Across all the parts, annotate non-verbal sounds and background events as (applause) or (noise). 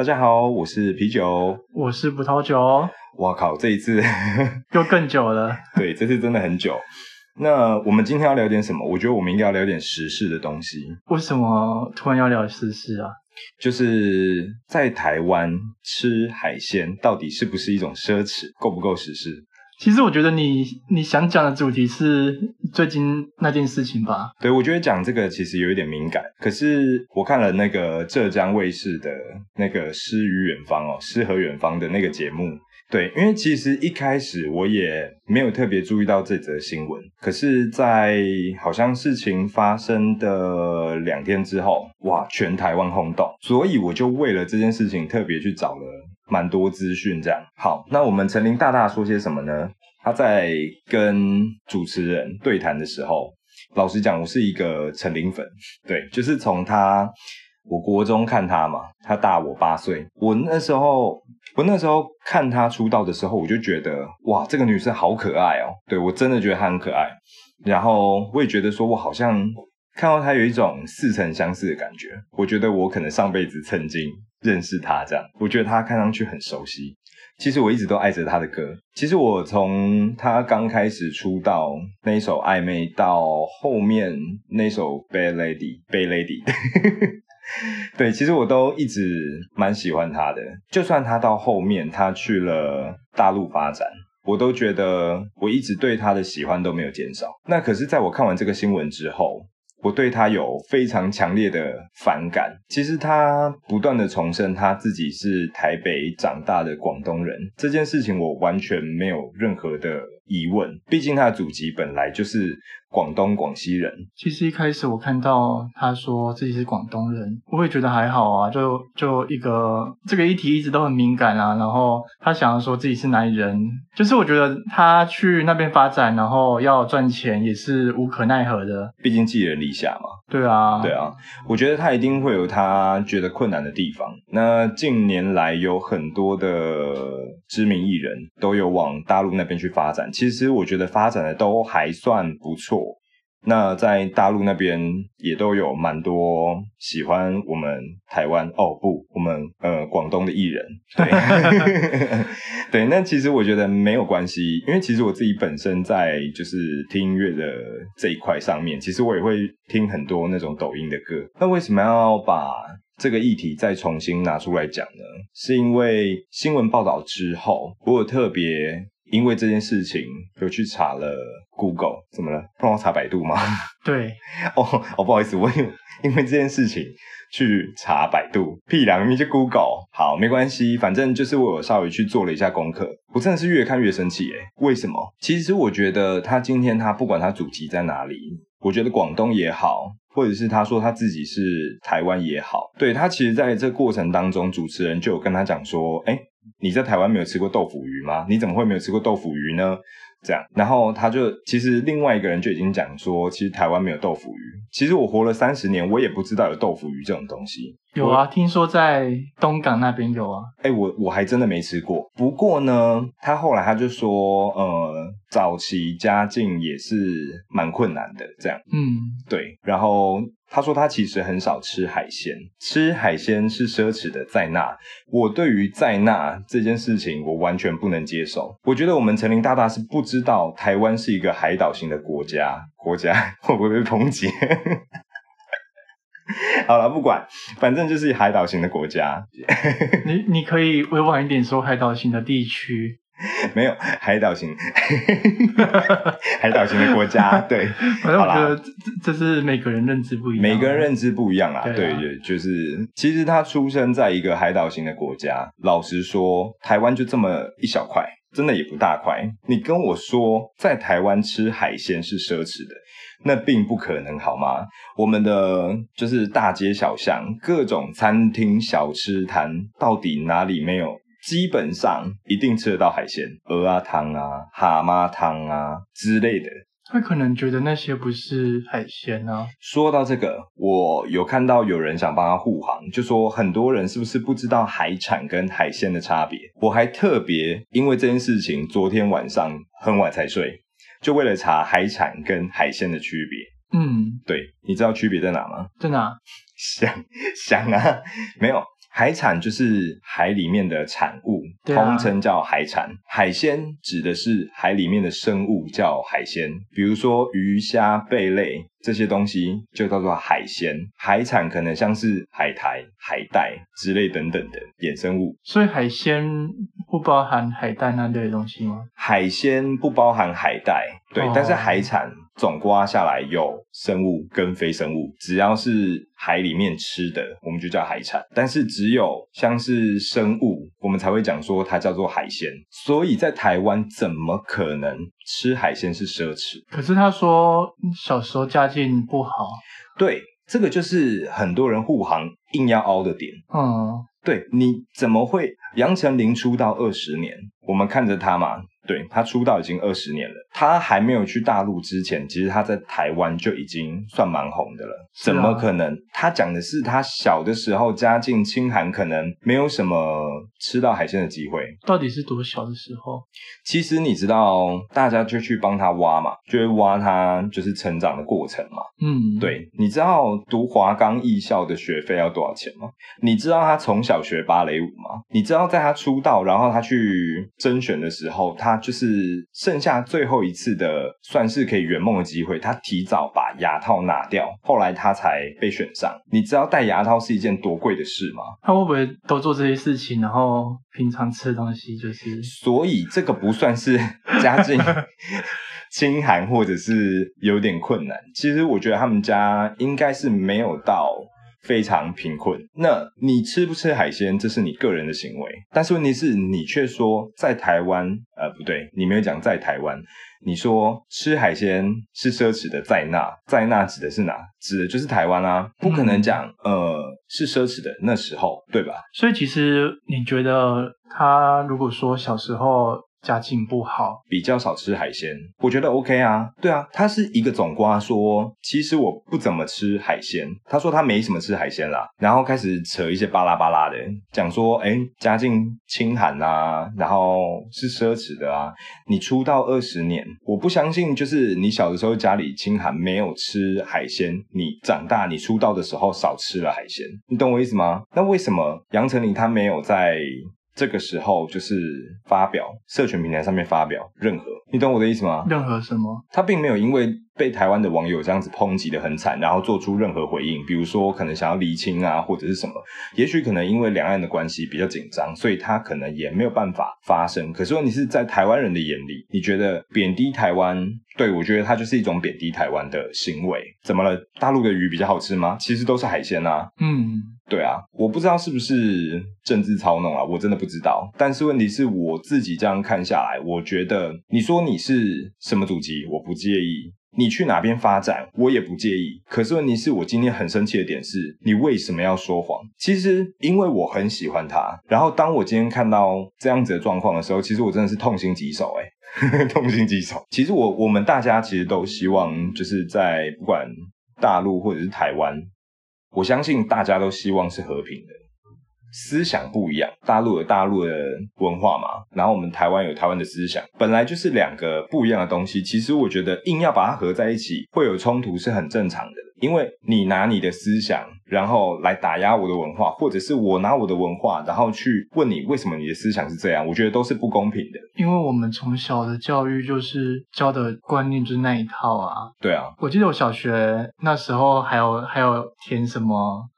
大家好，我是啤酒，我是葡萄酒。哇靠，這一次 (laughs) 又更久了。對，這次真的很久。那我們今天要聊點什麼？我覺得我們應該要聊點時事的東西。為什麼突然要聊時事啊？就是在台灣吃海鮮，到底是不是一種奢侈？夠不夠時事？其實我覺得你你想講的主題是最近那件事情吧？對，我覺得講這個其實有一點敏感。可是我看了那個浙江衛視的那個《詩與遠方》哦，《詩和遠方》的那個節目，對，因為其實一開始我也沒有特別注意到這則新聞，可是在好像事情發生的兩天之後，哇，全台灣轟動，所以我就為了這件事情特別去找了。蠻多資訊，這樣。好，那我們陳琳大大說些什麼呢？他在跟主持人對談的時候，老實講，我是一個陳琳粉。對，就是從他，我國中看他嘛，他大我八歲。我那時候，我那時候看他出道的時候，我就覺得哇，這個女生好可愛哦、喔。對，我真的覺得她很可愛，然後我也覺得說，我好像。看到他有一種似曾相識的感覺，我覺得我可能上輩子曾經認識他這樣，我覺得他看上去很熟悉。其實我一直都愛着他的歌。其實我從他剛開始出道那首曖昧，到後面那首 Bad Lady，Bad Lady，Bad Lady (laughs) 對，其實我都一直蠻喜歡他的。就算他到後面他去了大陸發展，我都覺得我一直對他的喜歡都沒有減少。那可是，在我看完這個新聞之後。我對他有非常強烈的反感，其實他不斷的重申他自己是台北長大的廣東人，這件事情我完全沒有任何的疑問，畢竟他的祖籍本來就是。廣東、廣西人，其實一開始我看到他說自己是廣東人，我會覺得還好啊。就就一個這個議題一直都很敏感啊。然後他想要說自己是哪裡人，就是我覺得他去那邊發展，然後要賺錢也是無可奈何的，畢竟寄人籬下嘛。對啊，對啊，我覺得他一定會有他覺得困難的地方。那近年來有很多的知名藝人都有往大陸那邊去發展，其實我覺得發展的都還算不錯。那在大陸那邊也都有蠻多喜歡我們台灣哦，不，我們呃廣東的藝人，對 (laughs) 對。那其實我覺得沒有關係，因為其實我自己本身在就是聽音樂的這一塊上面，其實我也會聽很多那種抖音的歌。那為什麼要把這個議題再重新拿出來講呢？是因為新聞報道之後，我有特別。因為這件事情，有去查了 Google，怎麼了？不讓我查百度嗎？對，哦哦，不好意思，我因因為這件事情去查百度，屁啦，明明就 Google，好，沒關係，反正就是我有稍微去做了一下功課，我真的是越看越生氣，哎，為什麼？其實我覺得他今天他不管他祖籍在哪裡，我覺得廣東也好，或者是他說他自己是台灣也好，對他其實在這過程當中，主持人就有跟他講說，誒、欸你在台灣沒有吃過豆腐魚嗎？你怎麼會沒有吃過豆腐魚呢？這樣，然後他就其實另外一個人就已經講說，其實台灣沒有豆腐魚。其實我活了三十年，我也不知道有豆腐魚這種東西。有啊，聽說在東港那邊有啊。欸，我我還真的沒吃過。不過呢，他後來他就說，呃，早期家境也是蠻困難的。這樣，嗯，對，然後。他說他其實很少吃海鮮，吃海鮮是奢侈的，在那。我對於在那這件事情，我完全不能接受。我覺得我們成林大大是不知道台灣是一個海島型的國家，國家會不會被抨擊？ (laughs) 好了，不管，反正就是海島型的國家。 (laughs) 你你可以委婉一點說海島型的地區。 (laughs) 沒有海島型， (laughs) 海島型的國家， (laughs) 對，啊、好啦，我覺得這，這是每個人認知不一樣，每個人認知不一樣啊，對對，就是其實他出生在一個海島型的國家。老實說，台灣就這麼一小塊，真的也不大塊。你跟我說在台灣吃海鮮是奢侈的，那並不可能，好嗎？我們的就是大街小巷各種餐廳小吃攤，到底哪裡沒有？基本上一定吃得到海鮮，鵝啊、湯啊、蛤蟆湯啊之類的。他可能覺得那些不是海鮮啊。說到這個，我有看到有人想幫他護航，就說很多人是不是不知道海產跟海鮮的差別？我還特別因為這件事情，昨天晚上很晚才睡，就為了查海產跟海鮮的區別。嗯，對，你知道區別在哪嗎？在哪？想想啊，沒有。海產就是海裡面的產物，啊、通稱叫海產。海鮮指的是海裡面的生物叫海鮮，比如說魚、蝦、貝類這些東西就叫做海鮮。海產可能像是海苔、海帶之類等等的衍生物。所以海鮮不包含海帶那類東西嗎？海鮮不包含海帶，對，oh. 但是海產。總括下來有生物跟非生物，只要是海裡面吃的，我們就叫海產。但是只有像是生物，我們才會講說它叫做海鮮。所以在台灣，怎麼可能吃海鮮是奢侈？可是他說小時候家境不好，對，這個就是很多人護航硬要凹的點。嗯，對，你怎麼會楊丞琳出道二十年，我們看着她嘛？對他出道已經二十年了。他還沒有去大陸之前，其實他在台灣就已經算蠻紅的了。啊、怎麼可能？他講的是他小的時候家境清寒，可能沒有什麼吃到海鮮的機會。到底是多小的時候？其實你知道，大家就去幫他挖嘛，就會挖他就是成長的過程嘛。嗯，對，你知道讀華岡藝校的學費要多少錢嗎？你知道他從小學芭蕾舞嗎？你知道在他出道，然後他去甄選的時候，他。就是剩下最後一次的，算是可以圓夢的機會。他提早把牙套拿掉，後來他才被選上。你知道戴牙套是一件多貴的事嗎？他會不會都做這些事情？然後平常吃的東西就是……所以這個不算是家境清寒，或者是有點困難。其實我覺得他們家應該是沒有到。非常貧困，那你吃不吃海鮮，這是你個人的行為。但是問題是你卻說在台灣，呃，不對，你沒有講在台灣，你說吃海鮮是奢侈的，在那，在那指的是哪？指的就是台灣啊，不可能講，嗯，呃，是奢侈的那時候，對吧？所以其實你覺得他如果說小時候。家境不好，比較少吃海鮮。我覺得 OK 啊，對啊，他是一個總瓜說，其實我不怎麼吃海鮮。他說他沒怎麼吃海鮮啦，然後開始扯一些巴拉巴拉的，講說，誒、欸，家境清寒啊，然後是奢侈的啊。你出道二十年，我不相信，就是你小的時候家裡清寒沒有吃海鮮，你長大你出道的時候少吃了海鮮，你懂我意思嗎？那為什麼楊丞琳她沒有在？這個時候就是發表社群平台上面發表任何，你懂我的意思嗎？任何什麼？他並沒有因為被台灣的網友這樣子抨擊得很慘，然後做出任何回應，比如說可能想要釐清啊，或者是什麼？也許可能因為兩岸的關係比較緊張，所以他可能也沒有辦法發聲。可是如果你是在台灣人的眼裡，你覺得貶低台灣，對我覺得他就是一種貶低台灣的行為。怎麼了？大陸的魚比較好吃嗎？其實都是海鮮啊。嗯。對啊，我不知道是不是政治操弄啊。我真的不知道。但是問題是我自己這樣看下來，我覺得你說你是什麼祖籍，我不介意；你去哪邊發展，我也不介意。可是問題是我今天很生氣的點是，你為什麼要說謊？其實因為我很喜歡他。然後當我今天看到這樣子的狀況的時候，其實我真的是痛心疾首誒、欸、痛心疾首。其實我我們大家其實都希望，就是在不管大陸或者是台灣。我相信大家都希望是和平的，思想不一樣，大陸有大陸的文化嘛，然後我們台灣有台灣的思想，本來就是兩個不一樣的東西。其實我覺得硬要把它合在一起，會有衝突是很正常的，因為你拿你的思想。然後來打壓我的文化，或者是我拿我的文化，然後去問你為什麼你的思想是這樣，我覺得都是不公平的。因為我們從小的教育就是教的觀念就是那一套啊。對啊，我記得我小學那時候還有還有填什麼，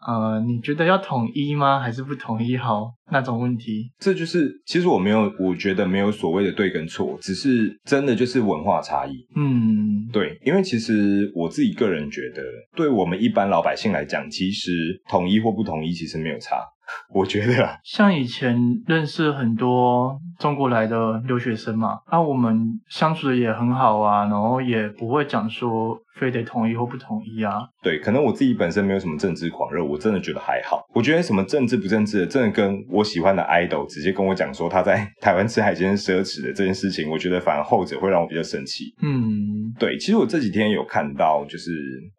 呃，你覺得要統一嗎？還是不統一好？那種問題。這就是，其實我沒有，我覺得沒有所謂的對跟錯，只是真的就是文化差異。嗯，對，因為其實我自己個人覺得，對我們一般老百姓來講，其實。是統一或不統一，其實沒有差。我覺得、啊、像以前認識很多中國來的留學生嘛，那、啊、我們相處的也很好啊，然後也不會講說非得同意或不同意啊。對，可能我自己本身沒有什麼政治狂熱，我真的覺得還好。我覺得什麼政治不政治的，真的跟我喜歡的 idol 直接跟我講說他在台灣吃海鮮奢侈的這件事情，我覺得反而後者會讓我比較生氣。嗯，對，其實我這幾天有看到，就是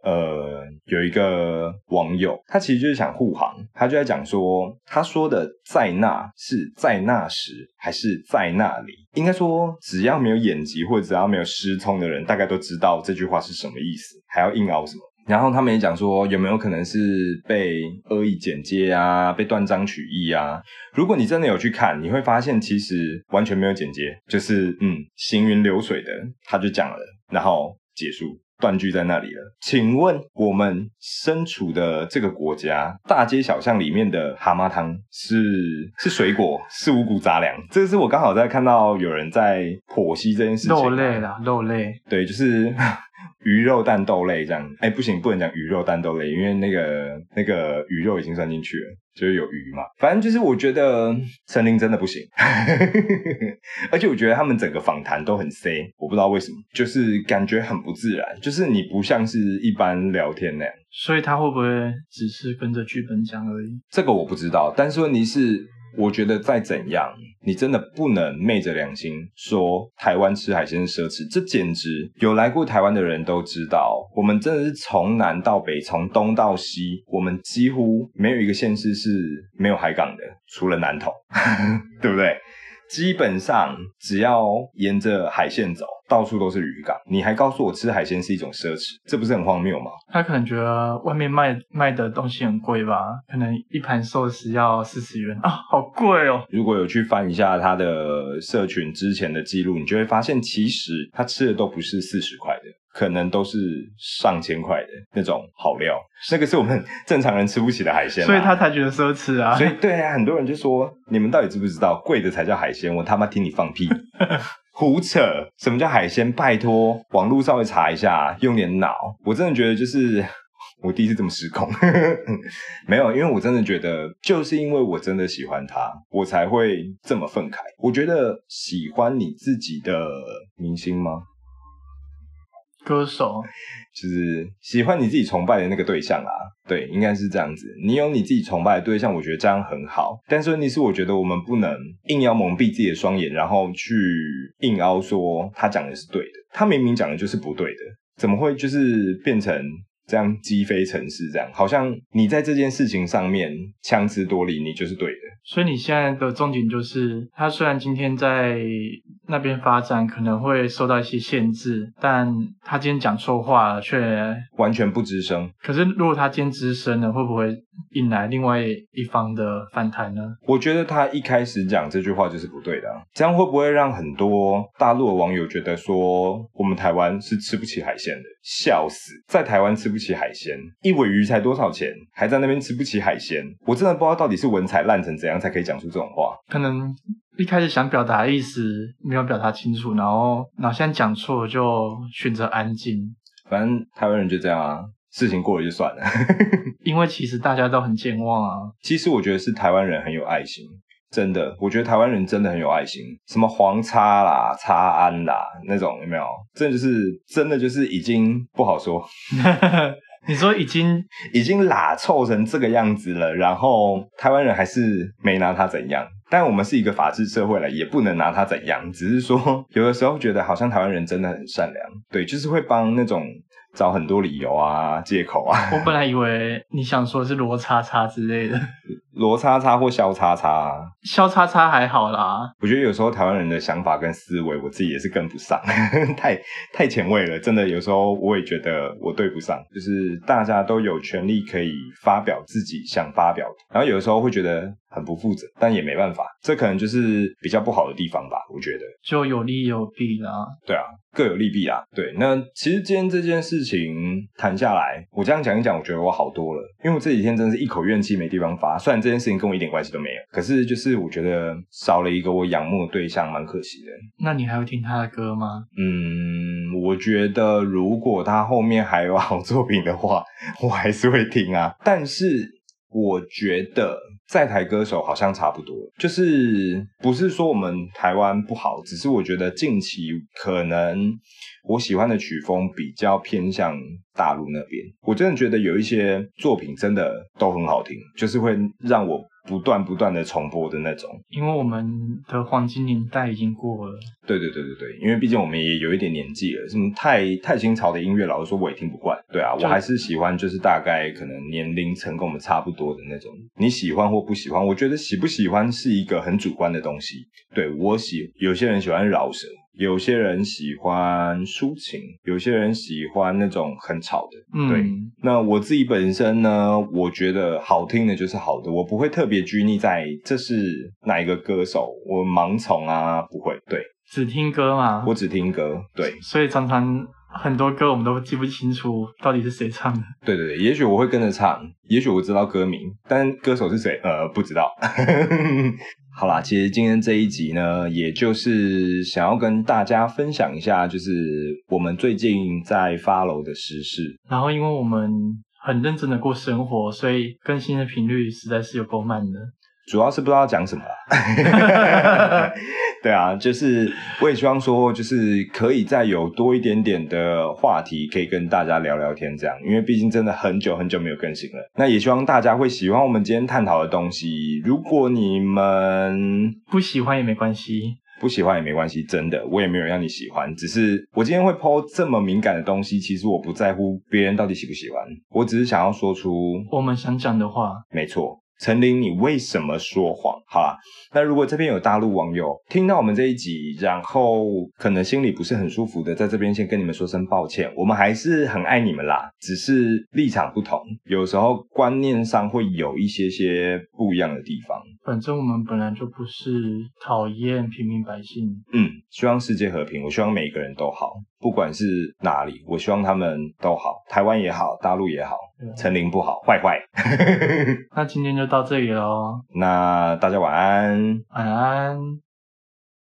呃，有一個網友，他其實就是想護航，他就在講說。他說的在那是在那時還是在那裡？應該說，只要沒有眼疾或者只要沒有失聰的人，大概都知道這句話是什麼意思。還要硬拗什麼？然後他們也講說，有沒有可能是被惡意剪接啊，被斷章取義啊？如果你真的有去看，你會發現其實完全沒有剪接，就是嗯行雲流水的他就講了，然後結束。斷句在那裡了。請問我們身處的這個國家，大街小巷裡面的蛤蟆湯是是水果，是五穀雜糧？這個是我剛好在看到有人在剖析這件事情，肉類啦，肉類，對，就是。 (laughs) 魚肉蛋豆類這樣，哎、欸，不行，不能講魚肉蛋豆類，因為那個那個魚肉已經算進去了，就是有魚嘛。反正就是我覺得陳林真的不行， (laughs) 而且我覺得他們整個訪談都很 say，我不知道為什麼，就是感覺很不自然，就是你不像是一般聊天那樣。所以他會不會只是跟着劇本講而已？這個我不知道，但是問題是。我覺得再怎樣，你真的不能昧着良心說台灣吃海鮮奢侈。這簡直有來過台灣的人都知道，我們真的是從南到北，從東到西，我們幾乎沒有一個縣市是沒有海港的，除了南投，呵呵，對不對？基本上只要沿着海線走。到處都是漁港，你還告訴我吃海鮮是一種奢侈，這不是很荒謬嗎？他可能覺得外面賣賣的東西很貴吧，可能一盤壽司要四十元啊，好貴哦。如果有去翻一下他的社群之前的記錄，你就會發現，其實他吃的都不是四十塊的，可能都是上千塊的那種好料，那個是我們正常人吃不起的海鮮，所以他才覺得奢侈啊。所以對啊，很多人就說，你們到底知不知道，貴的才叫海鮮？我他媽聽你放屁！ (laughs) 胡扯！什麼叫海鮮？拜托，網路稍微查一下，用點腦。我真的覺得就是我第一次這麼失控，呵呵呵。沒有，因為我真的覺得，就是因為我真的喜歡他，我才會這麼憤慨。我覺得喜歡你自己的明星嗎？歌手，就是喜歡你自己崇拜的那個對象啊，對，應該是這樣子。你有你自己崇拜的對象，我覺得這樣很好。但是問題是我覺得我們不能硬要蒙蔽自己的雙眼，然後去硬凹說他講的是對的，他明明講的就是不對的，怎麼會就是變成？這樣擊飛城市，這樣好像你在這件事情上面強詞奪理，你就是對的。所以你現在的重點就是，他雖然今天在那邊發展可能會受到一些限制，但他今天講錯話了卻完全不吱聲。可是如果他今天吱聲了，會不會？引來另外一方的反彈呢？我覺得他一開始講這句話就是不對的啊，這樣會不會讓很多大陸的網友覺得說我們台灣是吃不起海鮮的？笑死，在台灣吃不起海鮮，一尾魚才多少錢，還在那邊吃不起海鮮？我真的不知道到底是文采爛成怎樣才可以講出這種話。可能一開始想表達的意思沒有表達清楚，然後，然後現在講錯了就選擇安靜。反正台灣人就這樣啊。事情過了就算了 (laughs) 因為其實大家都很健忘啊。其實我覺得是台灣人很有愛心，真的，我覺得台灣人真的很有愛心，什麼黃叉啦、叉安啦那種，有沒有？這就是真的就是已經不好說。 (laughs) 你說已經已經喇臭成這個樣子了，然後台灣人還是沒拿他怎樣？但我們是一個法治社會了，也不能拿他怎樣。只是說有的時候覺得好像台灣人真的很善良，對，就是會幫那種。找很多理由啊，借口啊！我本來以為你想說的是羅叉叉之類的，羅叉叉或蕭叉叉啊。蕭叉叉還好啦。我覺得有時候台灣人的想法跟思維，我自己也是跟不上， (laughs) 太，太前衛了，真的有時候我也覺得我對不上。就是大家都有權利可以發表自己想發表的，然後有時候會覺得。很不負責，但也沒辦法，這可能就是比較不好的地方吧。我覺得就有利有弊啦、啊。對啊，各有利弊啦、啊。對，那其實今天這件事情談下來，我這樣講一講，我覺得我好多了。因為我這幾天真是一口怨氣沒地方發，雖然這件事情跟我一點關係都沒有，可是就是我覺得少了一個我仰慕的對象，蠻可惜的。那你還會聽他的歌嗎？嗯，我覺得如果他後面還有好作品的話，我還是會聽啊。但是我覺得。在台歌手好像差不多，就是不是說我們台灣不好，只是我覺得近期可能我喜歡的曲風比較偏向大陸那邊。我真的覺得有一些作品真的都很好聽，就是會讓我。不斷不斷的重播的那種，因為我們的黃金年代已經過了。對對對對對，因為畢竟我們也有一點年紀了，什麼太太新潮的音樂，老實說我也聽不慣。對啊，我還是喜歡就是大概可能年齡層跟我們差不多的那種。你喜歡或不喜歡，我覺得喜不喜歡是一個很主觀的東西。對，我喜，有些人喜歡饒舌。有些人喜歡抒情，有些人喜歡那種很吵的，嗯。對，那我自己本身呢，我覺得好聽的就是好的，我不會特別拘泥在這是哪一個歌手，我盲從啊，不會。對，只聽歌嗎？我只聽歌，對。所以常常很多歌我們都記不清楚到底是誰唱的。對對對，也許我會跟着唱，也許我知道歌名，但歌手是誰，呃，不知道。 (laughs) 好啦，其實今天這一集呢，也就是想要跟大家分享一下，就是我們最近在 follow 的時事。然後，因為我們很認真的過生活，所以更新的頻率實在是有夠慢的。主要是不知道要講什麼啦， (laughs) 對啊，就是我也希望說，就是可以再有多一點點的話題可以跟大家聊聊天，這樣，因為畢竟真的很久很久沒有更新了。那也希望大家會喜歡我們今天探討的東西，如果你們不喜歡也沒關係，不喜歡也沒關係，真的，我也沒有要你喜歡，只是我今天會剖這麼敏感的東西，其實我不在乎別人到底喜不喜歡，我只是想要說出我們想講的話，沒錯。陳琳，你為什麼說謊？好啦，那如果這邊有大陸網友聽到我們這一集，然後可能心裡不是很舒服的，在這邊先跟你們說聲抱歉，我們還是很愛你們啦，只是立場不同，有時候觀念上會有一些些不一樣的地方。反正我們本來就不是討厭平民百姓。嗯，希望世界和平，我希望每一個人都好，不管是哪裡，我希望他們都好，台灣也好，大陸也好。陳林不好，壞壞。 (laughs) 那今天就到這裡嘍。那大家晚安，晚安。